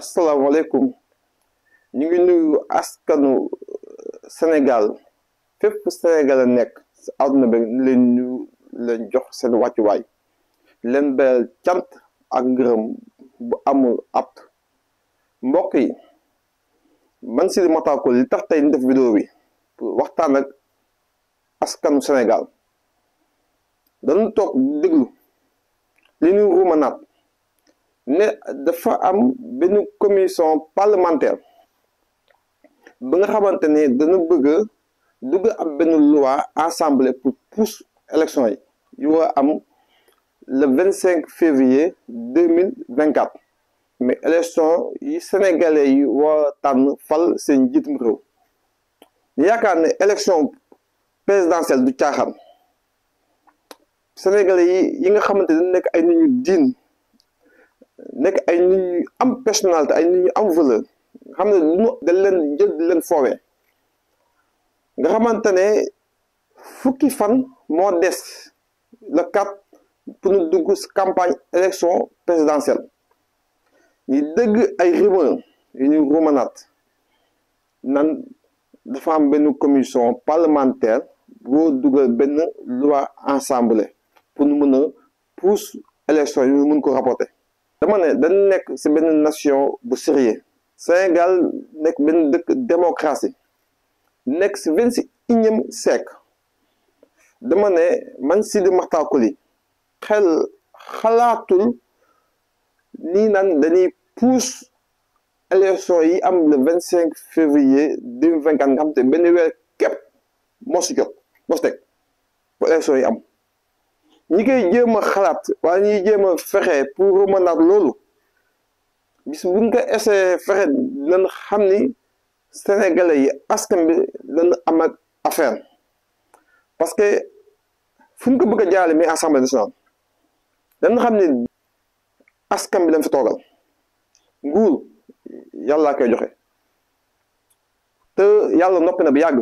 asalaamaaleykum ñu ngi nuyu askanu euh, Sénégal fépp Sénégal a nekk si àdduna bi leen ñu leen jox seen wàccuwaay leen beral cant ak ngërëm bu amul ab mbokk yi man si Matar Coll li tax tey ñu def vidéo bi pour waxtaan ak askanu senegaal dañu toog déglu li ñu ruuma naat ne dafa am benn commission parlementaire ba nga xamante ne dana bëgg a dugg ab benn loi assemblée pour pousse élection yi yu war am le vingt cinq février deux mille vingt quatre mais élection yi sénégalais yi war a tànn fal seen jiitum réew yaakaar ne élection présidentielle du caaxaan sénégalais yi yi nga xamante ne nekk ay nu ñu diin nekk ay nit am personnalité ay nit ñu am valeur xam ne lu dañ leen jël di leen foowee nga xamante ne fukki fan moo des le cap pour ñu dugg campagne élection présidentielle ñu dégg ay rumeur yu ñu romanaat nan dafa am benn commission parlementaire boo dugal benn loi ensemble pour ñu mën a pousse élection yi ñu ko rapporter dama ne dañ nekk si benn nation bu sérieux Sénégal nekk benn dëkk démocratie nekk si vingt si unième siècle dama ne man Sidi Makhtar Coly xel xalaatul nii naan dañuy pousse élection yi am le vingt cinq février deux nga xam benn weer képp moo jot moo si pour élection yi am ñi koy jéem a xalaat wala ñuy jéem a fexe pour romanaat loolu bis bu ñu ko essayé fexe lan xam ni sénégalais yi askan bi lan am ak affaire parce que fu ñu ko bëgg a jaale mais assemblée nationale lan xam ni askan bi lañ fi toogal nguur yàllaa koy joxe te yàlla noppi bu yàgg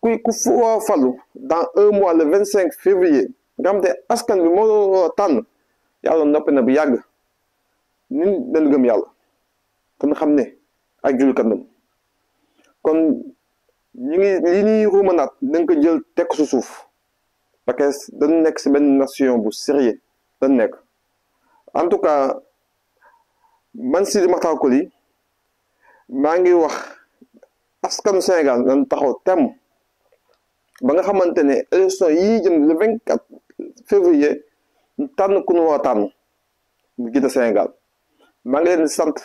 ku foo dans un mois le vingt cinq février nga xam te askan bi moo tànn yàlla noppi na bu yàgg ñun dañu gëm yàlla kon xam ne ak jullikat lañ kon ñu ngi li ñuy ruumanaat dañ ko jël teg su suuf parce que nekk si benn nation bu sérieux da nekk en tout cas man sii Makhtar Coly maa ngi wax askanu Sénégal dañ taxaw tem ba nga xamante ne élection yi jëm le 24 février tànn ku nu war a tànn mu jiite Sénégal maa ngi leen sant